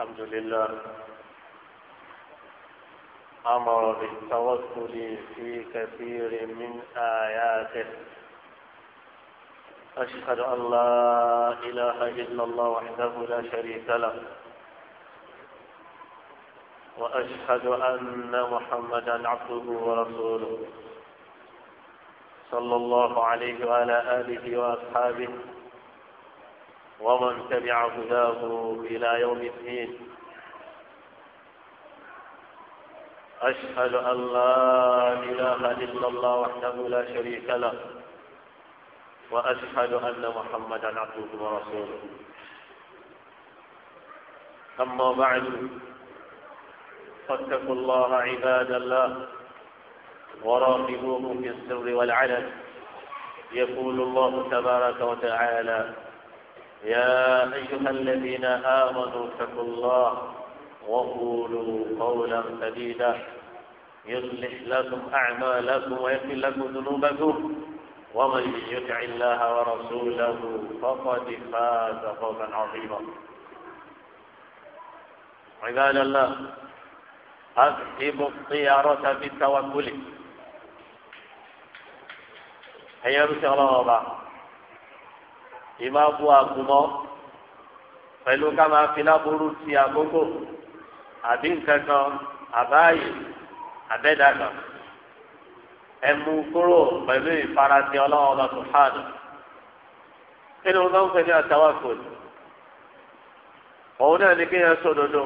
الحمد لله أمر بالتوكل في كثير من آياته أشهد أن لا إله إلا الله وحده لا شريك له وأشهد أن محمدا عبده ورسوله صلى الله عليه وعلى آله وأصحابه ومن تبع هداه إلى يوم الدين أشهد أن لا إله إلا الله وحده لا شريك له وأشهد أن محمدا عبده ورسوله أما بعد فاتقوا الله عباد الله وراقبوه في السر والعلن يقول الله تبارك وتعالى يا أيها الذين آمنوا اتقوا الله وقولوا قولا سديدا يصلح لكم أعمالكم ويغفر لكم ذنوبكم ومن يطع الله ورسوله فقد فاز فوزا عظيما عباد الله أكتب الطيارة بالتوكل هيا بشغل الله ìmá bu àgùmọ́ pẹ̀lú ká máa fi láburú ti àkókò àbí nǹkan kan àbáyé àbẹ́dàgbà ẹ̀mú kúrò pẹ̀lú ìfarasí ọlọ́wọ́ ọba sùhánù kí ni wọ́n bá ń pè ní àtàwákòlù òun náà ní kéèyàn sòdodo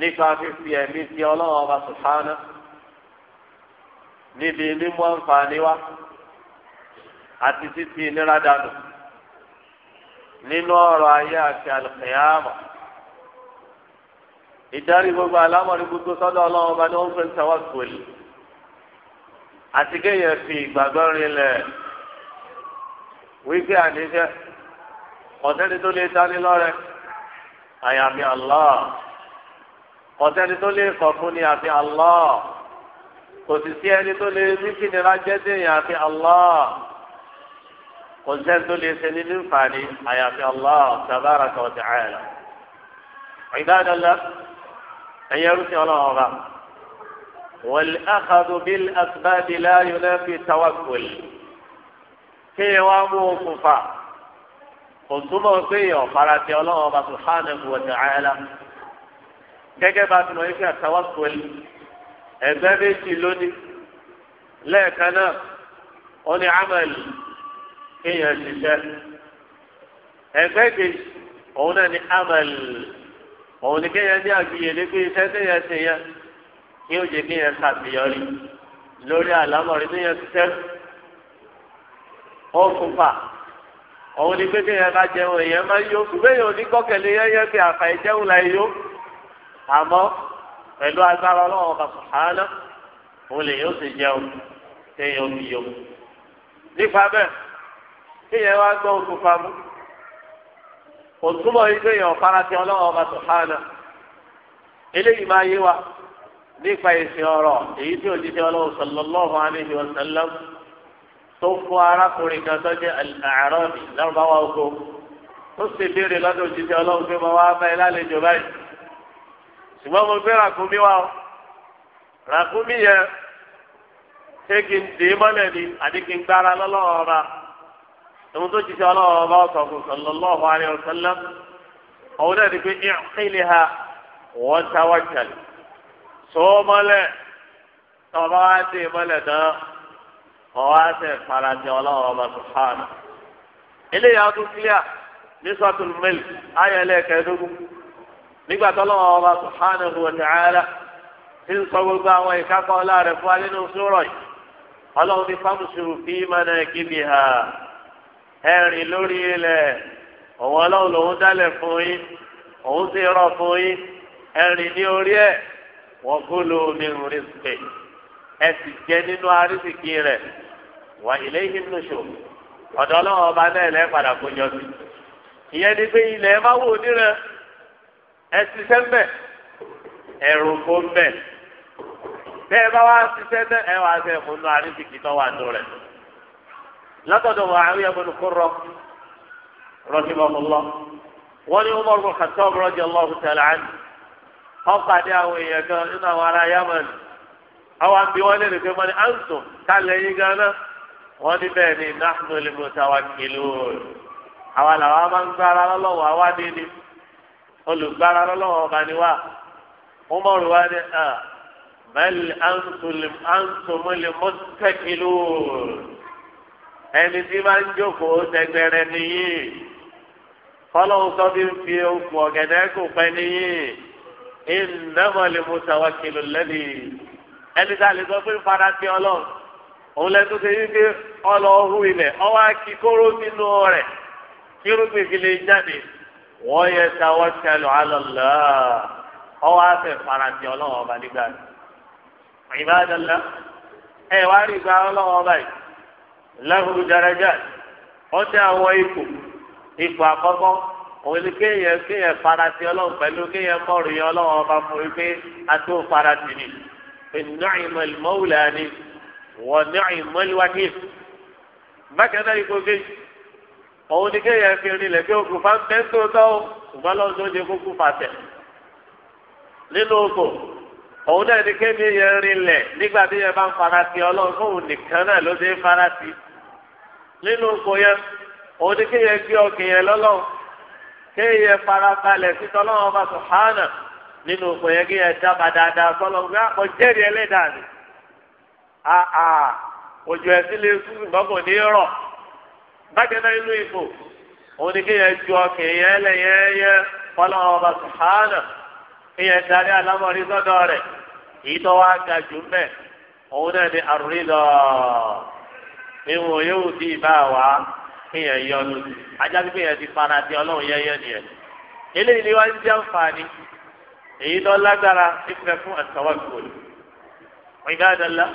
nípa fífi ẹ̀mí ti ọlọ́wọ́ ọba sùhánù níbi mímú àǹfààní wa àti títí ìnira dànù nínú ọ̀rọ̀ ayé àti àlùkìyàmọ̀ ìdarí gbogbo àlámọ̀rí gbogbo sọ́dọ̀ ọlọ́run ọba ní wọ́n fẹ́ tẹ́wọ́ pẹ̀lú àti kéèyàn fi ìgbàgbọ́ rinlẹ̀ wípé àníṣe kọ̀tẹ́ni tó lè dání lọ́rẹ̀ àyàfi Allah kọ̀tẹ́ni tó lè kọ̀ fún ni àfi Allah kò sì sí ẹni tó lè rí kìnìún ajẹ́ dèèyàn àfi Allah kò sẹ́ni tó lè ṣe ní nífààní àyàfi allah tabaraka wa ta'ala ìdádọ́lá ẹ̀yẹ rúṣin ọlọ́run ọba wal akhadhu bil asbab la yunafi tawakkul kéèyàn wá mú okùnfà kò túmọ̀ kéèyàn farati ọlọ́run ọba subhanahu wa ta'ala gẹ́gẹ́ bá ti mọ̀ ife àtawakkul ẹgbẹ́ méjì lónìí lẹ́ẹ̀kan náà ó ní amẹ́lì kéèyàn ṣiṣẹ́ ẹgbẹ́ kejì òun náà ni amal òun ni kéèyàn ní àgbìyèlé pé iṣẹ́ kéèyàn ṣe yẹn kí ó jẹ kéèyàn ṣàṣeyọrí lórí àlámọ̀rí kéèyàn ṣiṣẹ́ ọkùnfà òun ni pé kéèyàn bá jẹun èèyàn máa yó ṣùgbọ́n èèyàn ò ní gbọ́kẹ̀lé yẹ́yẹ́ pé àfà ìjẹun la yó àmọ́ pẹ̀lú agbára ọlọ́run ọba sùhánà òun lè yóò ṣe jẹun kéèyàn ò yó nípa bẹ́ẹ̀ kéèyàn wá gbọ́ oṣù famu òtúmọ̀ yìí kéèyàn farati ọlọ́wọ́ ọba sọ̀hánà eléyìí máa yé wa nípa ìsìn ọ̀rọ̀ èyí tí òjijì ọlọ́wọ́ sallallahu alaihi wa sallam tó fún arákùnrin kan tó jẹ́ al lọ́rùbáwá oko ó sì béèrè lọ́dọ̀ òjijì ọlọ́wọ́ pé mo wá bá ẹ lálejò báyìí ṣùgbọ́n mo fẹ́ ràkúnmí wa o ràkúnmí yẹn ṣé kí n dè é mọ́lẹ̀ ni àdí kí n gbára lọ́lọ́wọ́ ọba ohun tó jíṣẹ́ ọlọ́wọ́ bá sọ fún sallallahu alayhi wa sallam ọ̀hún náà ni pé ìkílì ha wọ́n tawakkal so mọ́lẹ̀ tọ́ba wá sí mọ́lẹ̀ náà ọ̀wá sẹ̀ farajẹ́ ọlọ́wọ́ bá sọ fáànù. eléyà tó kílíà ní sọ́tún mẹ́lì ayẹlẹ́ kẹ́ẹ́dógún nígbà tọ́lọ́wọ́ ọba subhanahu wa ta'ala ti ń sọ gbogbo àwọn ìkápá rẹ̀ fún alẹ́ nínú sórọ̀ yìí ọlọ́run ẹ̀rìn lórí ilẹ̀ òun ọlọ́run lòun dálẹ̀ fún yín òun sì rọ̀ fún yín ẹ̀rìn ní orí ẹ̀ wọ́n kó lo omi rìn pè ẹ sì jẹ́ nínú arísìkí rẹ̀ wà ilé yìí nù ṣò ọ̀dọ̀ ọlọ́run ọba náà lẹ́ padà kó jọ sí ìyẹn ni pé ilẹ̀ ẹ má wò ní rẹ ẹ ṣiṣẹ́ mbẹ̀ ẹ̀rù kó mbẹ̀ bẹ́ẹ̀ bá wá ṣiṣẹ́ náà ẹ wá ṣe fún nù arísìkí tó wà nù rẹ̀ látọ̀dọ̀ Mu'awiya bin Qurra rahimahullah wọ́n ní Umar bin Khattab radiyallahu ta'ala anhu wọ́n pàdé àwọn èèyàn kan nínú àwọn ará Yamani àwọn àbí wọn lè pé mọ́ni antum kálẹ̀ yín gánà wọ́n ní bẹ́ẹ̀ ni nahnu al-mutawakkilun àwa làwa máa ń gbára lọ́wọ́ àwa ní ni olùgbára lọ́wọ́ ọba ni wá wọ́n mọ̀ rò wá ní ah, bal antum al-muttakkilun ẹni tí máa ń jókòó tẹgbẹrẹ nìyí fọlọ́hún sọ bí ń fi okùn ọ̀gẹ̀dẹ̀ kò pẹ́ nìyí ìnáwọ̀lì mùsàwákìlù lẹ́bi ẹni tá a lè sọ pé farati ọlọ́run òun lẹ́nu tó ṣe wípé ọlọ́hún ilẹ̀ ọwọ́ akí kóró nínú rẹ̀ kírúgbìn fi lè jáde wọ́n yẹ tawakkalu ala Allah ọwọ́ afẹ́ farati ọlọ́run ọba nígbà rẹ̀ ìbádallah ẹ̀ wá rí ìgbà ọlọ́run ọba yìí lahu darajat ọdẹ àwọn ipò ipò àkọ́kọ́ òun ni kéèyàn kéèyàn farati ọlọ́run pẹ̀lú kéèyàn kọrin ọlọ́run ọba fún mi pé a tó farati ni ni'mal mawla ni wa ni'mal wakil bákan náà ipò kejì òun ni kéèyàn fi rinlẹ̀ pé okùn fa ń bẹ́ tó tọ́ o ṣùgbọ́n lọ́wọ́ tó ń ṣe kúkú fàtẹ̀ nínú oko òun náà ni kéèyàn rinlẹ̀ nígbà tí yẹn bá ń farati ọlọ́run fóun nìkan náà ló ṣe ń farati nínú oko yẹn òun ni kéèyàn gbé ọkàn yẹn lọ́lọ́run kéèyàn farabalẹ̀ sí tọ́lọ́run ọba sọ̀hánà nínú oko yẹn kéèyàn dábàá dáadáa sọ́lọ́run gbé àpọ̀ jẹ́rìí ẹlẹ́dàá ni àà òjò ẹ̀sìn lè sùn ìgbọ́kò ní rọ̀ bákan inú ipò òun ni kéèyàn ju ọkàn yẹn lẹ̀ yẹn yẹ tọ́lọ́run ọba sọ̀hánà kéèyàn darí alámọ̀rí sọ́dọ̀ rẹ̀ èyí tó wá ga jù mẹ́ òun náà ni àrùrí ìwọ̀n yóò di ìbá wa kéèyàn yọnu ajá pípé yẹn ti fara di ọlọ́run yẹ́yẹ́ nìyẹn eléyìí ni wọ́n ń jẹ́ àǹfààní èyí lọ lágbára fífẹ́ fún ẹ̀sọ́wọ́ ìkòlù ìgbàdàlá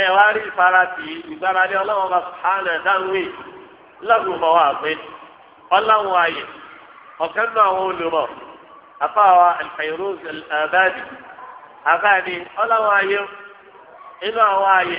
ẹ wá rí ìfarati ìgbáralé ọlọ́run bá sàánà dáwé lọ́gùnmọ́ wa pé ọlọ́run ayè ọ̀kan náà àwọn olùmọ̀ afáwa alfayiruz abadi abadi ọlọ́run ayé inú àwọn ayé.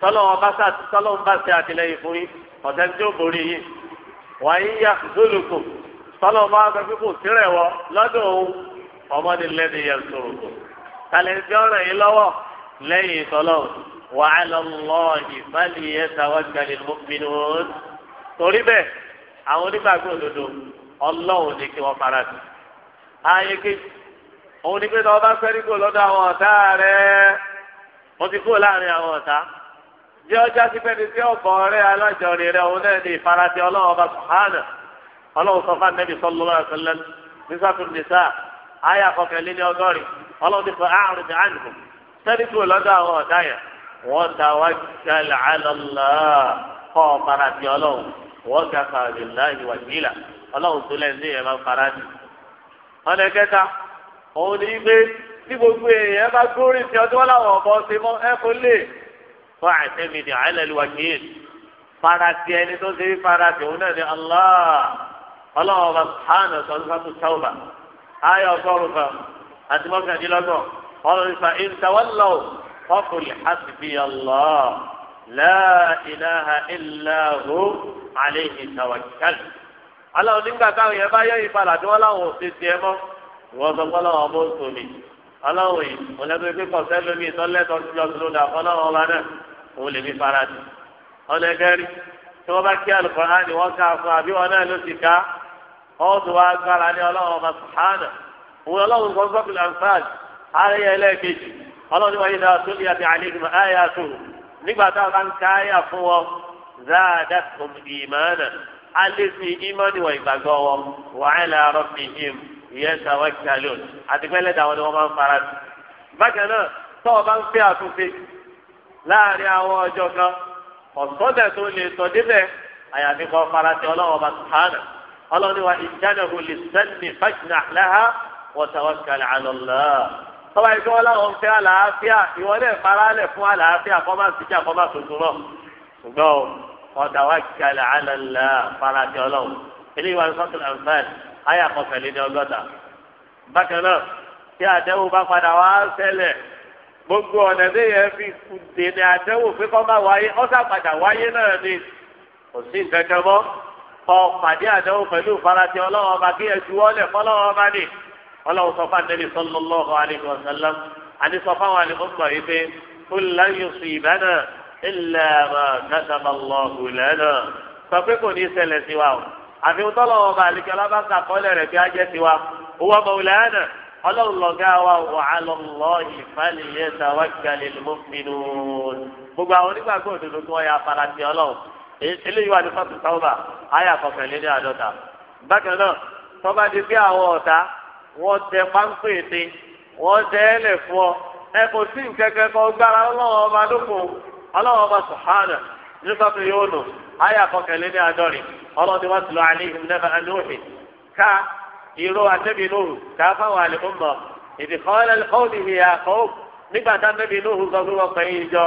tọ́lọ́wọ́ bá sá tọ́lọ́wọ́ bá ṣe àtìlẹ́yìn fún yín ọ̀tẹ́ tí ó borí yín wàyí yá lólùkù tọ́lọ́wọ́ bá sọ pé kò sírẹ̀ wọ lọ́dọ̀ òun ọmọdé lẹ́nu yẹn sọ̀rọ̀ kù kàlẹ́ ti ọ̀rọ̀ yín lọ́wọ́ lẹ́yìn tọ́lọ́wọ́ wà á lọ lọ ìfàlì yẹn táwọn gbalẹ̀ mọ́pinnu torí bẹ́ẹ̀ àwọn onígbàgbọ́ òdodo ọlọ́run ní kí wọ́n fara sí ààyè kejì òun ni pé tọ́ bá fẹ́ rí kó lọ́dọ̀ àwọn ọ̀tá rẹ̀ wọ́n ti kó láàrin àwọn ọ̀tá jẹ́ ọjà sí pẹ́ni tí ọ̀bọ̀ ọ̀rẹ́ alájọrin rẹ̀ òun náà ní ìfarasí ọlọ́run ọba sùhánà ọlọ́run sọ fún anẹ́bí sọ́lú lọ́wọ́ àṣẹlẹ̀ nísàtún nìsà àyà kọkànlé ní ọgọ́rin ọlọ́run ti fọ àrùn ní àǹkù sẹ́ni kúrò lọ́dọ̀ àwọn ọ̀dá yẹn wọ́n ta wá jẹ́lẹ̀ àlọ́lá kọ́ ọ̀farasí ọlọ́run wọ́n ga fàmì láàyè gbé tí gbogbo èèyàn bá gbórí ti ọdún wọn láwọn ọ̀bọ ṣe mọ́ ẹ fún àtẹ́mìdì àìlẹ́lùwàkìyìn farati ẹni tó ṣe é farati òun náà ni allah ọlọ́wọ́ bá hànà sọ́dúnfàtú sáwùbà ayé ọgọ́rùn kan àti mọ́kàndínlọ́gbọ̀n ọlọ́run fa ìntàwọ́lọ́ ọkùnrin hasbi allah láìláha ìlàhù àléhì tàwákàlì. aláwọ̀ nígbà táwọn yẹn bá yẹ ìfàlà tí wọ́n láwọn ò ṣe tiẹ̀ mọ́ ìwọ́n sọ pé ọlọ́wọ́ ọmọ òṣòmì ọlọ́wọ́ yìí ọ̀lẹ́gbẹ̀ẹ́ pé òun lè fi farati ọlẹgẹri tí wọn bá kí wọn ká fún náà ló ti ká wá gbára ní ọba sùhánà òun kan ní wọn yìí àti àlejò tó nígbà táwọn bá ń ká fún wọn záàdá alẹ́sìn wọn ìgbàgbọ́ wọn ìyẹn lónìí wọn ni wọ́n ń bákan náà tọ́wọ́ bá ń fẹ́ láàrin àwọn ọjọ́ kan ọ̀sọ́dẹ̀ tó lè sọ débẹ̀ àyàfi kan farasẹ̀ ọlọ́wọ́ bá sùhánà ọlọ́ni wa ìjánahùn lè sẹ́ni fàjìnà láha wọ́n tàwọn kàlẹ́ àlọ́lá. tọ́ba yìí kí wọ́n láwọn fẹ́ àlàáfíà ìwọlé faralẹ̀ fún àlàáfíà kọ́ máa sìjà kọ́ máa tuntun náà ṣùgbọ́n wọ́n àlọ́lá farasẹ̀ ọlọ́wọ́ eléyìí wà ní sọ́kìlì àǹfààní ayé àkọsẹ̀lẹ́ ní ọgọ́ta bákan náà tí gbogbo ọ̀nà tí yẹn fi dènà àdẹ́wò pé kọ́ bá wáyé ọ́sà padà wáyé náà ni kò sí nǹkan kan mọ́ kọ́ pàdé àdẹ́wò pẹ̀lú ìfarasí ọlọ́wọ́ ọba kí ẹ juwọ́lẹ̀ fọlọ́wọ́ ọba ni ọlọ́wọ́ sọ fún anẹ́lẹ́ sallallahu alaihi wasallam àti sọ fún àwọn àlùmọ́ yìí pé kul lan yusibana illa ma kataba Allahu sọ pé kò ní ọlọ́run lọ́gá wa wà á lọ lọ ìfàlìyé tàwákàlì lófinú. gbogbo àwọn onígbàgbọ́ òdodo tí wọ́n yà fara ti eléyìí wà ní fásitì sáwọ́bà ayé àkọkànlé ní àádọ́ta. bákan náà tọ́ba di pé àwọn ọ̀tá wọ́n tẹ páńpẹ́ ète wọ́n tẹ ẹlẹ̀ fún ọ ẹ kò sí gbára ọba lóko ọba ìró àtẹ́bínú káfáwọn àlùkò mọ̀ ìdìkọ́lẹ̀ lọ́ọ̀dì ìyá kọ́ nígbà tá àtẹ́bí inú sọ fún wọn pẹ̀lú ìjọ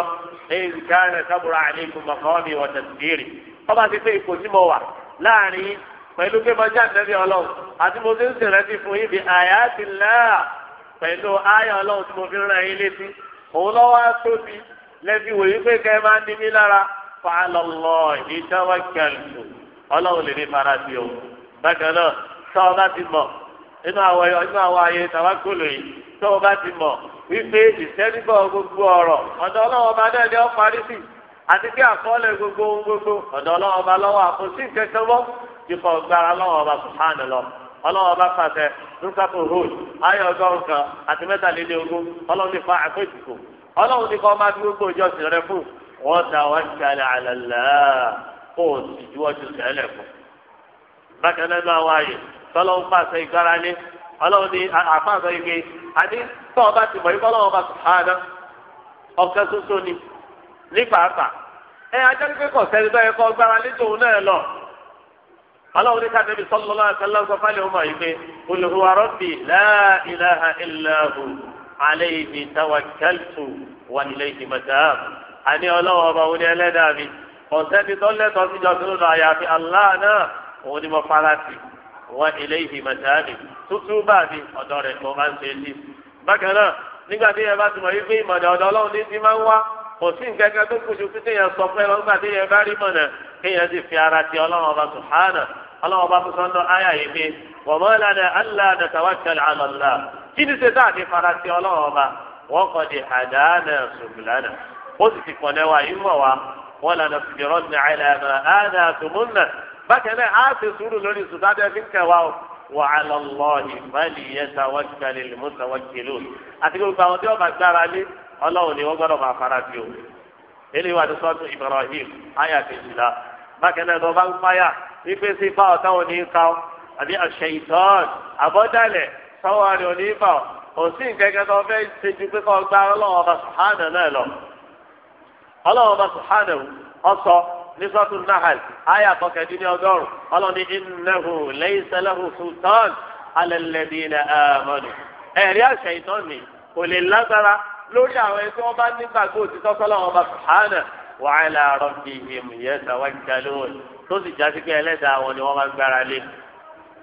ẹ̀yìn kárẹ̀ sábúrà àlékún mọ̀kànmí wọ̀tẹ̀ sìgírì ọba ti pé ipò tí mo wà láàrin pẹ̀lú pé mo jẹ́ àtẹ́bí ọlọ́run àti mo ti ń sèrẹ́tì fún yín bí àyà ti láà pẹ̀lú ayọ̀ ọlọ́run tí mo fi rán yín létí òun lọ́wọ́ tóbi lẹ́fi wòye pé kẹ́ ẹ máa ń nímí lára fàálọ̀lọ́ ìdáwọ́ kẹlù ọlọ́run lè ní fara sí o bákan náà tọ́ ọba ti mọ inú àwọn inú àwọn ayé tàwa kòlò yìí tọ́ ọ bá ti mọ wípé ìsẹ́nibọ̀ gbogbo ọ̀rọ̀ ọ̀dọ̀ ọlọ́wọ́ bá náà ni ó parí sí àti àkọọ́lẹ̀ gbogbo ohun gbogbo ọ̀dọ̀ ọlọ́wọ́ lọ́wọ́ àkọsí lọ ọlọ́wọ́ lùkàtò ayé àti ti fa ti kọ́ gbogbo rẹ fún ta àlàlá o sẹ́lẹ̀ fún. tọ́lọ́wọ́ pàṣẹ ìgbáralé ọlọ́run ní àfáàsọ ike àti tọ́ ọba ti mọ̀ ikọ́ ọlọ́run ọba sùhánà ọ̀kẹ́ soso ni ní pàápàá ẹ ajá pípé kọ̀ sẹ́ni tó yẹ kọ́ gbára létò òun náà lọ ọlọ́run ní káfíńbí sọ́lọ́lá àtàlá sọ fálẹ̀ ọmọ yìí pé olùhùwà rọ́bì láìláha ìlàhù àlẹ́yìí tawakkaltu wà nílẹ̀ wọn ilé ìhìmọ̀tàlì tútú bá mi ọ̀dọ̀ rẹ̀ mo máa ń ṣe ní. bákan náà nígbà tí yẹn bá ti mọ̀ yí pé ìmọ̀nà ọ̀dọ̀ ọlọ́run ní ti máa ń wá kò sí nǹkan kan tó kù ju pé téèyàn sọ fún ẹ lọ́gbà téèyàn bá rí mọ̀nà kéèyàn sì fi ara ti ọlọ́run ọba sùhánà ọlọ́run ọba fún sọ́ńdọ̀ áyà yìí pé wọ́n lánà allah nàtàwákẹ́lẹ̀ àlọ́lá kí ni ṣe táàdì fara ti ọlọ́run ọba wọ́n kọ́ bákan náà á sì sùúrù lórí sùtàdé fi ń kẹwàá o wà á lọ lọ ìfẹ́lì yẹta wọ́n kẹlẹ̀ lèmọ́sà wọ́n kẹlẹ̀ o àti gbogbo àwọn tí wọ́n bá gbára lé ọlọ́run ni wọ́n gbọ́dọ̀ máa fara fi o eléyìí wà ní sọ́ọ̀tù Ibrahim ayà kejìlá bákan náà bá ń fáyà wípé sí bá ọ̀tá wọn ní í àbí àṣẹ ìtọ́ọ̀n àbọ̀dálẹ̀ sọ́wọ́ rẹ̀ ò sí nkẹ́kẹ́ tó fẹ́ ṣe ju pé kọ́ nisọtu nahal aya kọkẹdini ọgọ́rùn ọlọdi innahu laysa lahu sultan ala alladhina amanu ẹ̀rí àṣẹ ìtàn mi kò lè lágbára lórí àwọn ẹni tí wọn bá nígbàgbọ́ òtítọ́ sọlá wọn bá subhana wa ala rabbihim yatawakkalun tó sì jásí pé ẹlẹ́dàá wọn ni wọn bá gbára lé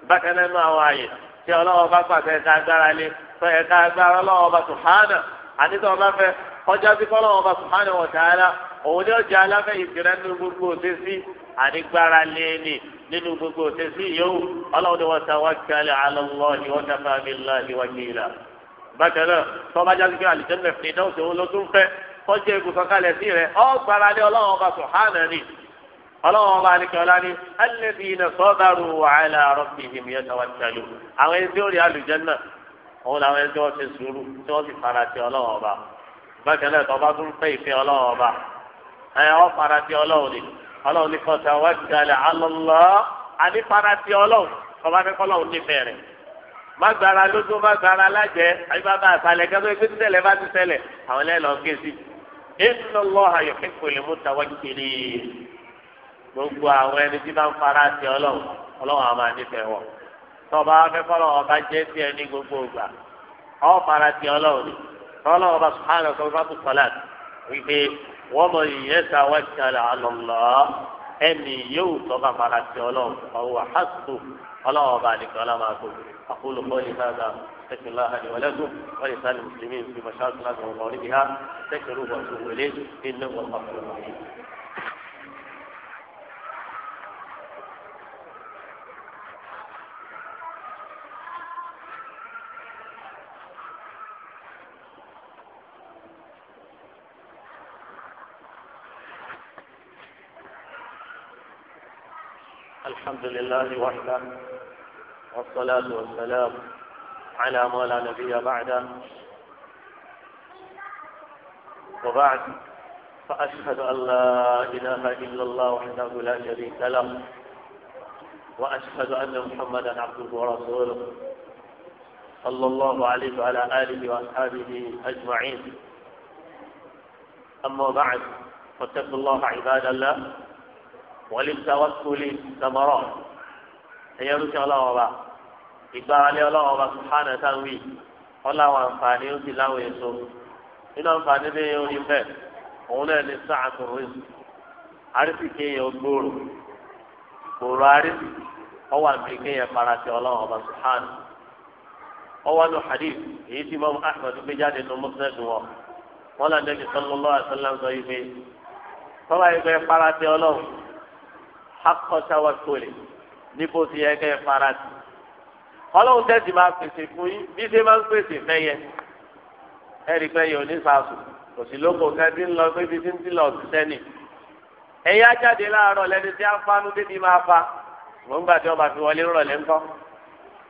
bákan náà nínú àwọn àyè tí ọlọ́wọ́ bá pàṣẹ ká gbára lé fẹ́ ẹ̀ka gbára ọlọ́wọ́ bá subhana àti tí wọn bá fẹ́ kọjá sí kọ́lọ́wọ́ bá subhana wa ta'ala òun ni ọjà aláfẹ̀yìn tìrẹ nínú gbogbo òṣèṣì àdìgbára léèlè nínú gbogbo òṣèṣì yòówù ọlọ́run ni wọ́n ta wá kálẹ̀ alọ́lọ́ ni wọ́n dábàá mi lọ ni wọ́n kí ilà. bákan náà tọ́ba jáde pé àlìjẹ́nà fi náà ṣòwò ló tún fẹ́ kọjá ibùsọ̀ kalẹ̀ sí rẹ̀ ọ́ gbára lé ọlọ́run ọba sùhánà ni ọlọ́run ọba àlìkọ́lá ni alladhina sabaru wa ala òun làwọn ẹni tí wọ́n ti sùúrù tí wọ́n ti fara ti ọlọ́run ọba bákan náà tọ́ba tún fẹ́ ìfẹ́ ọlọ́run ọba ẹ ọ fara ti ọlọ́run ni ọlọ́run ní kọsà wá gbalẹ̀ alọ́lọ́ àní fara ti ọlọ́run ọba ní kọlọ́run nífẹ̀ẹ́ má lójú má lájẹ bá ti ṣẹlẹ̀ àwọn ilé lọ gé sí inú lọ́ha yọ̀kẹ́ pèlè kiri gbogbo àwọn ẹni tí bá ń fara ti àwọn tọba ọba ẹni wọ́n mọ ìyẹn ká wá kíkàlẹ̀ àlọ́lá ẹnì yóò tọ́ka fara ti ọlọ́run ọ̀wọ́ àhásù ọlọ́run ọba àdìgbà ọlọ́run àgbo àkóló kọ́lé náà استغفر الله لي ولكم ولسائر المسلمين في مشاكل الارض ومغاربها استغفروه واتوبوا اليه انه هو الغفور الرحيم الحمد لله وحده والصلاة والسلام على ما لا نبي بعده وبعد فأشهد أن لا إله إلا الله وحده لا شريك له وأشهد أن محمدا عبده ورسوله صلى الله عليه وعلى آله وأصحابه أجمعين أما بعد فاتقوا الله عباد الله wọ́n lè ta wá sólè sàmọ́rọ̀ ẹ̀yẹ rúṣin ọlọ́wọ́ bá ìgbàlẹ̀ ọlọ́wọ́ bá sùhánà sáwì ọláwọ̀ àǹfààní ó ti láwọn èso nínú àǹfààní bí yẹn orí bẹ́ẹ̀ òun náà ní sáàtù rìn àrísì kéèyàn gbòòrò gbòòrò àrísì ọwọ́ àmì kéèyàn farasẹ̀ ọlọ́wọ́ bá sùhánà ọwọ́ nù hadith èyí tí mọ́mú ahmed gbé jáde nù mọ́tẹ́ẹ̀dù wọn wọn làǹdẹ́kì sọ́lọ́lọ́ àṣàlá ń sọ yìí pé tọ́lá yìí fẹ́ farasẹ̀ ọlọ́wọ́ akọ́ṣáwá sólè níbo ti yẹ kẹ́ ẹ fara sí. ọlọ́run tẹ́sí máa pèsè fún yín bí ṣe máa ń pèsè fẹ́yẹ ẹ̀rí pé yóò ní sàásù kò sí lóko kẹ́bí ń lọ pé bí ti ń ti lọ ṣiṣẹ́ nì. ẹ̀yin ajáde láàárọ̀ lẹ́ni tí a ń fanú débi máa fa wọ́n gbà tí wọ́n bá fi wọlé rọ̀lẹ́ ńkọ́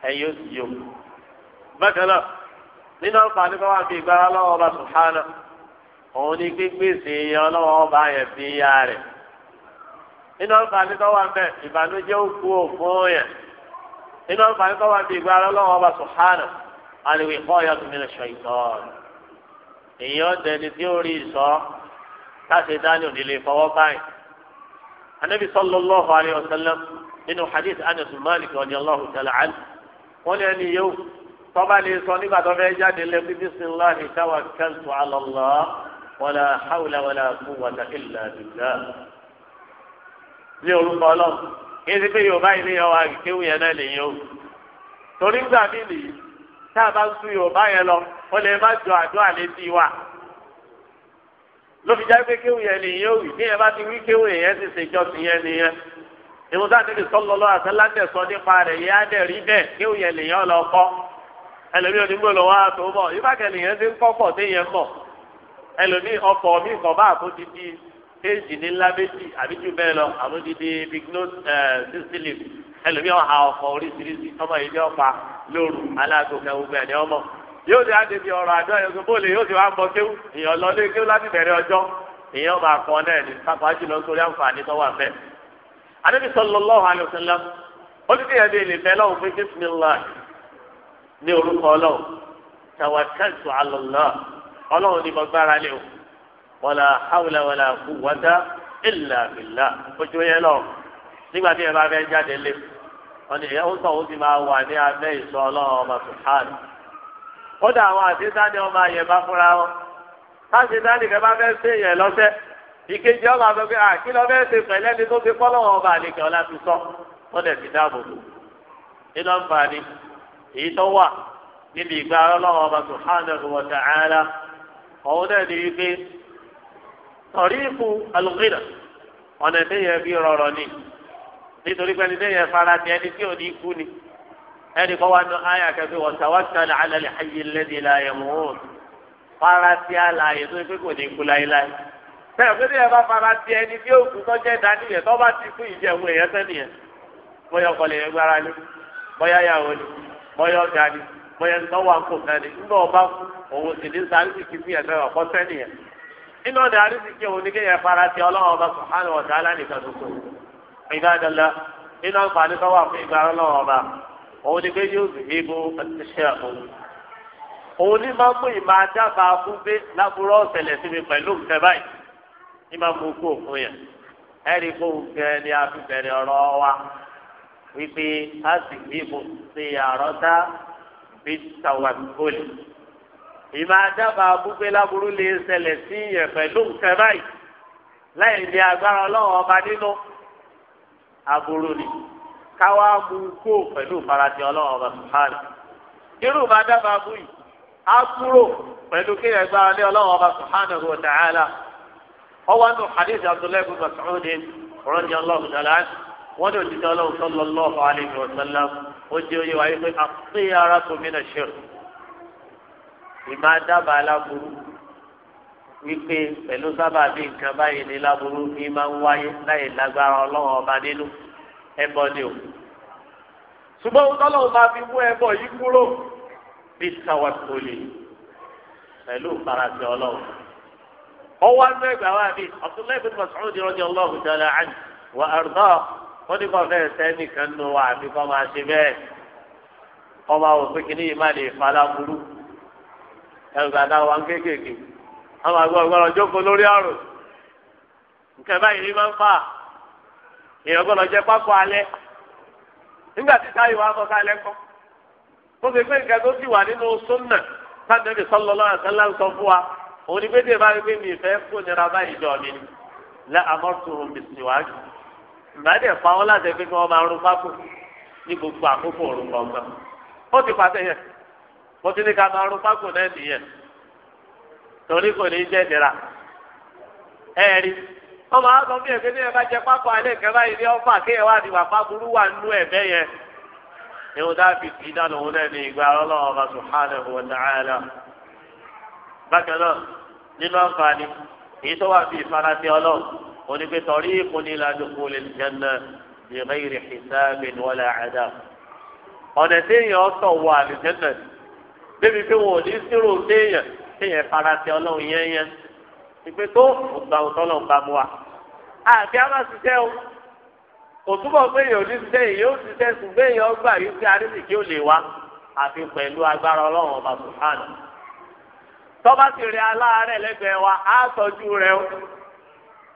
ẹ̀yin ó sì yó. bákan náà nínú àǹfààní kan wà bí ìgbára lọ́wọ́ ọba sùhánà òun ni pípèsè ọlọ́wọ́ ọba yẹn fi yá rẹ̀ inú àǹfààní tó wà bẹ́ẹ̀ ìbànújẹ́ òkú òfun yẹn inú àǹfààní tó wà bẹ́ẹ̀ ìgbàlọ́ lọ́wọ́ ọba sùhánà àlèwé kọ́ ọ̀yọ́ tó mi lè ṣọ ìtọ́ èèyàn dẹni tí ó rí ìṣọ́ káṣe dání òní fọwọ́ báyìí anabi sallallahu alayhi wa sallam nínú hadith anas malik radiyallahu ta'ala anhu wọn ní ẹni yóò tọ́ba lè sọ nígbà tó fẹ́ jáde lé bí bisimilahi tawakkaltu ala Allah hawla wala quwwata illa billah ní orúkọ ọlọ́run kí pé yorùbá yìí níyàn wá kéwù yẹn náà nìyẹn o torí gbà mí nìyí tá a bá ń sun yorùbá yẹn lọ ó lè má jọ àdó àlétí wa ló já pé kéwù yẹn nìyẹn o ní yẹn bá ti wí kéwù yẹn ti ṣèjọsìn yẹn nìyẹn ìwọ sáà tẹ̀lé sọlọ́lọ́ àtàlántẹ̀ sọ nípa rẹ̀ yẹn á dẹ̀ rí bẹ́ẹ̀ kéwù yẹn nìyẹn lọ kọ́ ẹlòmíì onígbò lọ wá bọ̀ ìfàkẹ́ nìyẹn ti ń kọ́ pọ̀ péjì ní ńlá méjì àbí jù bẹ́ẹ̀ lọ àwọn dídí bigno sísílì ẹlòmíì ọ̀hà ọ̀fọ̀ oríṣiríṣi ọmọ yìí ní ọ̀pá lóru aláàgò kẹwù bẹ́ẹ̀ ni ọmọ yóò ti àti fi ọ̀rọ̀ àjọ ẹ̀sùn bóòlù yóò ti wá mọ kéwù èèyàn lọ lé kéwù láti bẹ̀rẹ̀ ọjọ́ èèyàn máa kọ́ náà ní pápá jùlọ nítorí àǹfààní tó wà bẹ́ẹ̀. adébí sallallahu lọ́wọ́ fún wala hawla wala quwwata illa billah ojú yẹn lọ nígbà tí ẹ bá fẹ́ jáde lé wọn ni ìyàwó sọ òun ti máa wà ní abẹ́ ìsọ ọlọ́run ọba sùhánù kódà àwọn àtisani ọmọ ayẹ bá fúnra wọn káṣíṣáni kẹ bá fẹ́ ṣe yẹn lọ́sẹ̀ ìkejì ọmọ àgbẹ̀ pé àkí lọ fẹ́ ṣe pẹ̀lẹ́ ni tó fi kọ́lọ́wọ́ ọba àlekẹ́ ọ̀la ti sọ wọn lè fi dáàbò bò nínú àǹfààní èyí tó wà níbi ìgbà ọlọ́run ọba sùhánù ọ̀hún náà ni wípé tọ̀rífù alùpùpù ọ̀nà téèyàn fi rọrọ ni nítorí pé ẹni fara ti ẹni tí ò ní kú ni ẹni kọ́ wa nù ayà kẹfì wọ́n tàwátàlẹ̀ alẹ́ ayé lẹ́dí la mọ́ fara ti àlàyé tó fi kò ní kú láéláé bẹ́ẹ̀ pé bá fara ti ẹni tí kú tó bá ti kú ìjẹun èèyàn bóyá lè gbára ni bóyá yàwó ni bóyá ọ̀gá ni bóyá nínú ọ̀dà àrísìkí òun ní kéèyàn fara ti ọlọ́run ọba subhanahu wa ta'ala nìkan tuntun ìbádọ́lá nínú àǹfààní tó wà fún ìgbà ọlọ́run ọba òun ní kéèyàn yóò fi ibo ṣiṣẹ́ òun. òun ní máa ń mú ìmọ̀ adába abúgbé lábúrò ọ̀sẹ̀lẹ̀ sí mi pẹ̀lú nǹkan báyìí ní máa mú kó òfin yẹn. ẹ̀rí kó nǹkan ni a fi bẹ̀rẹ̀ ọ̀rọ̀ wa wípé a sì gbé ìmọ̀ adábàá abúgbé láburú lè ṣẹlẹ̀ sí yẹn pẹ̀lú nǹkan báyìí láì ní agbára ọlọ́run ọba nínú aburú ni káwá mú kó pẹ̀lú ìfarasí ọlọ́run ọba sùhánù irú ìmọ̀ adábàá abú yìí á kúrò pẹ̀lú kí yẹn gbára lé ọlọ́run ọba sùhánù rò tààlà ọwọ́ nù hadith abdullahi bin mas'ud radiyallahu ta'ala ọlọ́run sallallahu alayhi wa sallam ó ìmọ̀ adábàá aláburú wípé pẹ̀lú sábàbí nǹkan báyìí ní láburú ní máa ń wáyé láyé lágbára ọlọ́run ọba nínú ẹbọ ni o. ṣùgbọ́n ohun tọ́lọ́run máa fi mú ẹbọ yìí kúrò bí sáwà tó lè pẹ̀lú ìfarasí ọlọ́run. ọwọ́ anú ẹgbàá wa mi Abdullahi bin Mas'ud radiyallahu ta'ala anhu wa arda wọ́n ní kò fẹ́ sẹ́ni kan nù wá àbí kò máa ṣe bẹ́ẹ̀ ẹrù gbàdá wa kéékèèké àwọn àgbà ọgbọ́dọ̀ jókòó lórí ọ̀rùn nkẹ́ báyìí ní máa ń fà èèyàn gbọ́dọ̀ jẹ́ pákó alẹ́ nígbà tí táyì wà fọ́ kálẹ́ kọ́ ó fi pé nǹkan tó sì wà nínú súnà sáńdẹ̀bì sọ́lọ́ lọ́wọ́ àtàlà ń sọ ni pété bá rí pé mi kó nira báyìí jọ mi bìsì wá jù láti fi kí máa rún pákó ní gbogbo àkókò òrùn ó ti ní ká máa rún pákó náà nìyẹn torí kò ní jẹ́ ìnira ẹ̀rí wọ́n máa sọ bí ẹ̀kẹ́ ní ẹ̀ bá jẹ pákó alẹ́ kẹ́ báyìí ní ọ́fà kí ẹ̀ ní wàpá burú wà nú ẹ̀bẹ́ yẹn ìhun dábì tí iná lòun náà ní ìgbà ọlọ́wọ́ bá subhanahu wa ta'ala bákan náà nínú àǹfààní èyí tó wà bíi ìfarasí ọlọ́run onígbé tọ̀rí ìkúni ìlàdókò lè jẹ́nà bi ghairi hisabin wala adab ọ̀nà tí èèyàn sọ̀ wọ àlùjẹ́nà débi pé wọn ò ní sírò téèyàn téèyàn farasẹ ọlọrun yẹ́nyẹ́ ìpè tó ògbà òtọ́lọ́run bá mu wa. àbí àwọn àṣìṣe o òtúbọ̀ pé èèyàn ò ní ṣiṣẹ́ èèyàn ó ṣiṣẹ́ ṣùgbọ́n èèyàn gbà yìí pé arísìkí ò lè agbara àfi pẹ̀lú agbára ọlọ́run ọba sùhánù. tọ́ba sì rí wa á sọjú rẹ o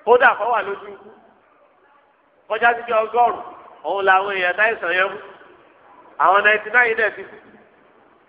kódà kọ́ wà lójú kọjá síbi ọgọ́rùn òun làwọn èèyàn táìsàn yẹn mú àwọn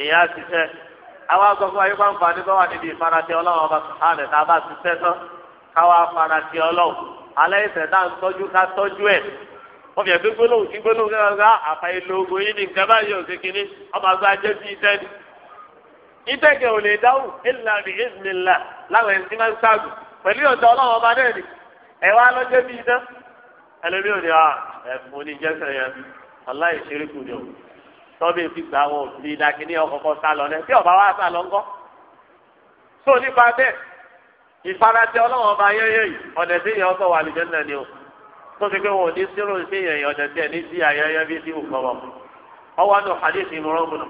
èèyàn á ṣiṣẹ́ àwọn agbọ̀gbọ̀ ayé wọn fani bá wà níbi ọlọ́run ọba sùhánù tá a bá ṣiṣẹ́ tán káwa farasí ọlọ́run alẹ́ ìfẹ́ náà ń tọ́jú ká tọ́jú ẹ̀ wọ́n fi gbólóhùn sí gbólóhùn ìlú ogun yìí ní nǹkan báyìí ò sí kínní jẹ́ iṣẹ́ ni. ìtẹ̀kẹ̀ ò lè dáhùn ìlà bí láwọn ẹni tí máa ń pẹ̀lú ọ̀dọ̀ ọlọ́run ọba náà ni bí ò ní ah, ẹ̀fún oníjẹ́sẹ̀ yẹn tọ́bí fi gbà wọn òbí ìdákiní ọkọ̀ọ̀kan sá lọ náà tí ọba wa sá lọ ńkọ́. so nípa bẹ́ẹ̀ ìfarasí ọlọ́wọ́n ọba ayẹyẹ yìí ọ̀nà tí èèyàn sọ wà lùjẹ́ náà ni o tó fi pé wọn ò ní sírò sí èèyàn ọ̀nà tí ẹ̀ ní sí ayẹyẹ bí sí òkọ̀rọ̀. ọwọ́ àná hadith Imran bin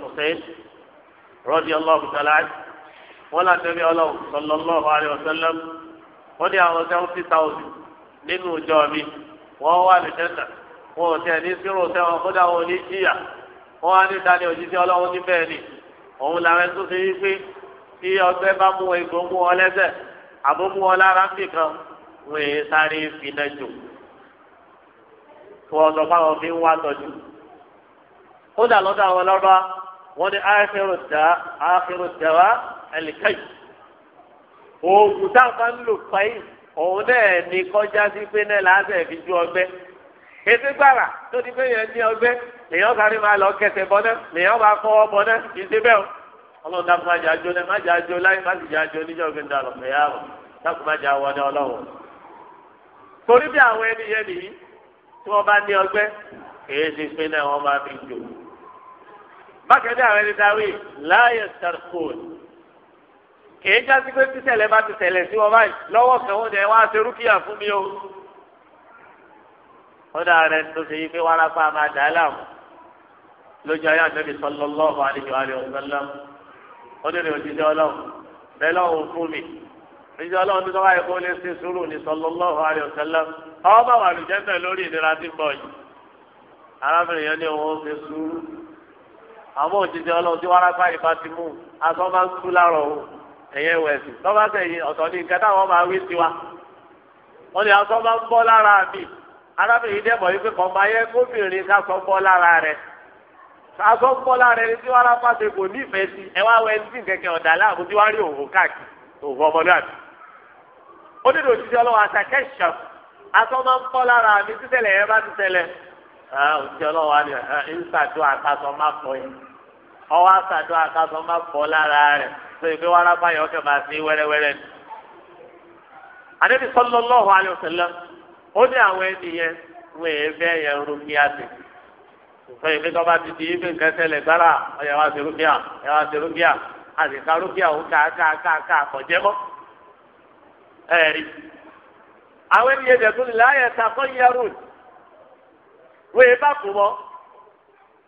wọn là tẹ́lẹ̀ ọlọ́wọ́ sallallahu alaihi wasallam wọ́n ní àwọn seventy thousand nínú ìjọ mi wọ́n wà lùjẹ́ náà wọn ò tẹ̀ ní sírò sẹ́wọ̀n kódà wọn ò ní jìyà wọn á ní dání òjíṣẹ́ ọlọ́run ní bẹ́ẹ̀ ni òun làwọn ẹni tó ṣe yí pé tí ọgbẹ́ bá mú egbò mú ọ lẹ́sẹ̀ àbó mú ọ lára ń bìkan wọn èyí sáré fínà jò tó ọ̀sọ̀ fáwọn fi ń wá tọ́jú kódà lọ́dọ̀ àwọn ọlọ́ba wọ́n ní áfẹ́rò dá áfẹ́rò dá wa ẹ̀lìkẹ́yì oògùn táwọn bá ń lò fáyì òun náà ní kọjá sí pé náà láàbẹ̀ fi ju ọgbẹ́ ètò gbàrà tó ti fẹ́ yẹn ní ọgbẹ́ lèyàn kárí máa lọ kẹsẹ̀ bọ́ náà lèyàn máa fọwọ́ bọ́ náà kì í ṣe bẹ́ẹ̀ o ọlọ́run dákun má jà jó náà má jà jó láyé má sì jà jó níjọ́ òfin dà lọ́pọ̀ ẹ̀yà rọ̀ dákun má jà wọlé ọlọ́run. torí bí àwọn ẹni yẹn nìyí tí wọ́n bá ní ọgbẹ́ èyí ti pín náà wọ́n máa fi jò. bákẹ́ni àwọn ẹni dáwé láyé sarkóòd kì ó dáa rẹ tó ṣe yí pé wárápá máa dà á lójú ayé àtẹ́bí sallallahu alaihi wa sallam ó ní ní òjijì ọlọ́run bẹ́ẹ̀ lọ́hùn fún mi òjijì ọlọ́run tó sọ́wọ́ ẹ̀kọ́ lé sí sùúrù ní sallallahu ọwọ́ bá lórí ìnira tí bọ̀ yìí arábìnrin yẹn ní òun ṣe sùúrù àmọ́ òjijì tí arábìnrin dẹ́mọ̀ yìí pé kọ́má yẹ kóbìnrin ká sọ bọ́ lára rẹ̀ ká sọ bọ́ lára rẹ̀ tí wọ́n á pàṣẹ kò nífẹ̀ẹ́ sí ẹ wá wẹ sí kẹ̀kẹ́ ọ̀dà láàbù tí wọ́n á rí òwò káàkiri òwò ọmọlúwàbí. ó nílò òṣìṣẹ́ ọlọ́wọ́ àtàkẹ́ṣọ̀ aṣọ máa ń bọ́ lára mi títẹ̀lẹ̀ yẹn bá ti tẹ̀lẹ̀ òṣìṣẹ́ ọlọ́wọ́ àni ìṣàdó àkàṣọ máa pọ̀ yẹn ọwọ́ pọ̀ lára rẹ̀ tó ìgbé wàrà ó ní àwọn ènìyàn wọn èyí fẹ́ yẹn rúbíà bá ti di ibi nǹkan gbára wa ṣe rúbíà wa mọ́ ẹ̀rí. àwọn ènìyàn yẹrù wọ́n bá kú mọ́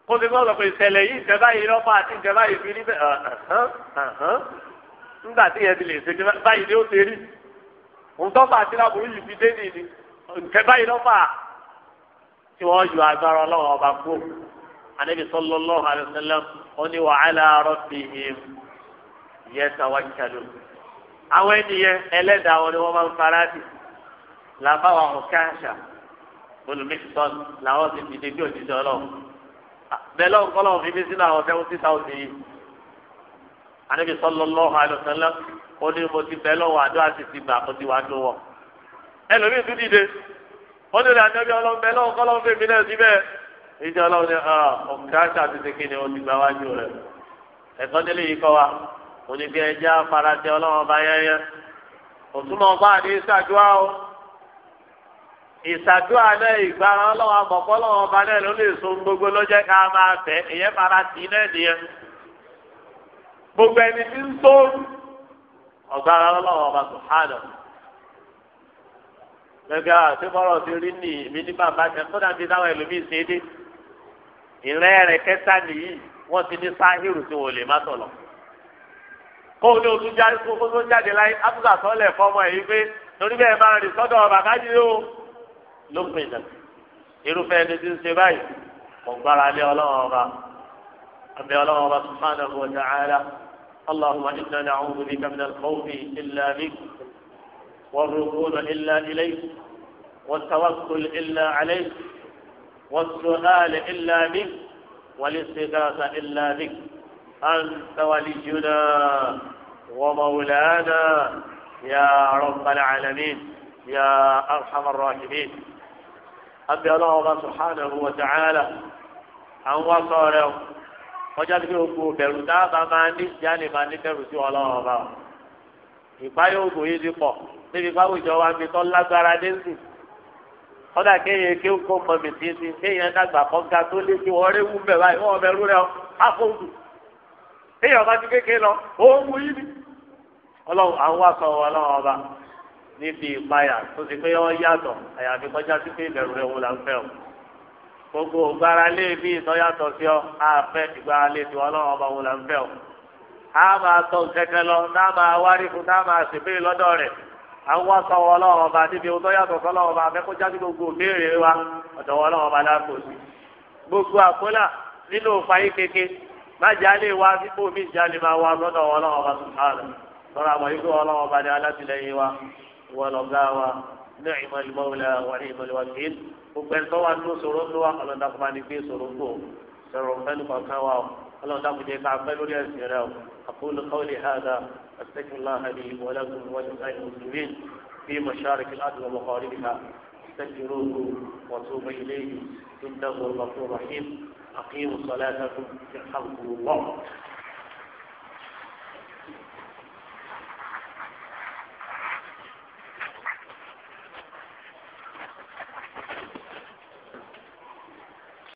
kó ti gbọ́dọ̀ pé ìṣẹ̀lẹ̀ yìí ìjẹba yìí lọ́pàá àti ìjẹba yìí fi rí bẹ́ẹ̀ nígbà tí yẹn ti lè ṣe báyìí ni ó ti rí òun tọ́pọ̀ àti yìí nǹkẹ́ báyìí lọ́fà tí wọ́n yọ agbára ọlọ́run ọba kú anabi sallallahu alaihi wasallam ó ní wa ala rabbihim yatawakkalun àwọn ènìyàn ẹlẹ́dàá wọn ni wọ́n máa ń farati làbáwa ọ̀káṣà olùmíṣítọ́n làwọn ti dìde bí òjijì ọlọ́run bẹ́ẹ̀ lọ́wọ́ kọ́ fífi sínú àwọn seventy thousand yìí anabi sallallahu alaihi wasallam mo ti bẹ́ẹ̀ lọ́wọ́ àdó àti ti gbà mo ti wá dó wọ́n. e tún dìde wọ́n nílò àjọbí ọlọ́mọbẹ lọ́wọ́ kọ́lọ́mọbẹ mi náà síbẹ̀ ìjọ ọlọ́run ní ah, ọ̀gá ṣàtúnṣe kí ni wọ́n ti gbà wájú yìí wa bá o ìṣàdúrà náà ìgbára ọlọ́run àmọ̀kọ́ ọlọ́run ọba náà ló lè so gbogbo ká máa ìyẹn fara náà nìyẹn gbogbo ẹni tí ń tó ọba gbẹgbẹ àwọn àti bọ́rọ̀ ti rí ní èmi ní bàbá kan kódà ti dáwọn ẹlòmíì ṣe é dé ìrẹ́ kẹta nìyí wọ́n ti ní sáhírù tí wọ́n lè má tọ̀lọ̀ kó o ní o tún jáde kó o tún jáde láyé ápùsà sọ́lẹ̀ fọmọ ẹ̀ yìí pé torí bẹ́ẹ̀ máa rìn sọ́dọ̀ bàbá yìí o ló pè dà irúfẹ́ ẹni tí ń ṣe báyìí kò gbára lé ọlọ́wọ́n ọba àbí ọlọ́wọ́n ọba subhanahu wa ta'ala allahumma والركون إلا إليه والتوكل إلا عليه والسؤال إلا به والاستغاثة إلا بك أنت ولينا ومولانا يا رب العالمين يا أرحم الراحمين أبي الله سبحانه وتعالى àwọn aṣọ rẹ o ọjọ́ tí kò gbó bẹ̀rù dábàá ìpáyọ̀ ògùn yìí ti pọ̀ níbi fáwùjọ wa mi tọ́ lágbára dé sí kọ́dà kéèyàn kí ó kó mọ̀ mí sí sí kéèyàn dàgbà kọ́ga tó lé kí wọ́n rí wú bẹ̀ báyìí wọ́n bẹ̀ rú rẹ̀ ọ́ áfóòdù kéèyàn bá ti kéèké lọ òun wù yìí ni ọlọ́run àwọn wá sọ ọlọ́run ọba níbi ìpayà tó ti pé wọ́n yàtọ̀ àyàfi kọjá sí pé ìbẹ̀rù rẹ̀ wò la ń fẹ́ o gbogbo ìgbáralé bíi ìtọ́yàtọ̀ sí ọ àfẹ́ ìgbáralé tiwọn ọlọ́run ọba wò la ń fẹ́ o a máa tọ kẹkẹ lọ tá a máa wárí fún tá a máa ṣèbéèrè lọ́dọ̀ rẹ̀ à ń wá sọ̀wọ́ ọlọ́run ọba níbi ohun tó yàtọ̀ sọ́lọ́run ọba afẹ́kọ́ jáde gbogbo béèrè wa ọ̀dọ̀wọ́ ọlọ́run ọba láàkó sí. gbogbo àkólà nínú fàyè kéke májà lè wá sípò mí ìjà lè máa wá sọ́dọ̀ ọlọ́run ọba sùkárù sọ́ra àmọ́ ikú ọlọ́run ọba ní alátìlẹyìn wa ìwọ wa ní ìmọ̀ wà ní ìmọ̀ ìwà أقول قولي هذا أستغفر الله لي ولكم ولسائر المسلمين في مشارق الأرض ومغاربها استغفروه وتوب إليه إنه الغفور الرحيم أقيموا صلاتكم يرحمكم الله